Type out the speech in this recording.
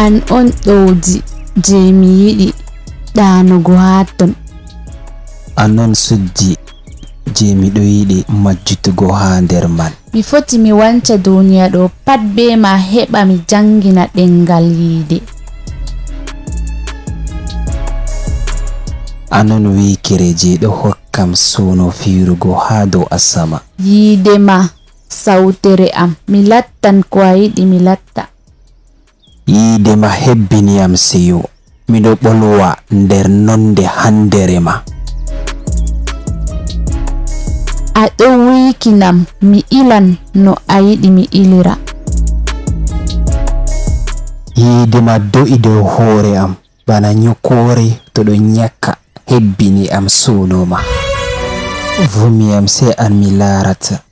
an on ɗowdi je mi yiɗi ɗanugo haton an on suddi je miɗo yiɗi majjutugo ha nder man mi foti mi wanca duniya ɗo pat be ma heɓa mi jangina ɗengal yiide anon wikireje ɗo hokkam suno firugo ha dow asama yiide ma sautere am mi lattan ko a yiɗi mi latta yiidema hebbiniyam siyu miɗo ɓolwa nder nonde handerema a ɗo wiikinam mi ilan no a yiɗi mi ilira yiidema do'i dow hoore am bana nyukoore to ɗo nyakka hebbini am suunuma vumiyam sey an mi laarata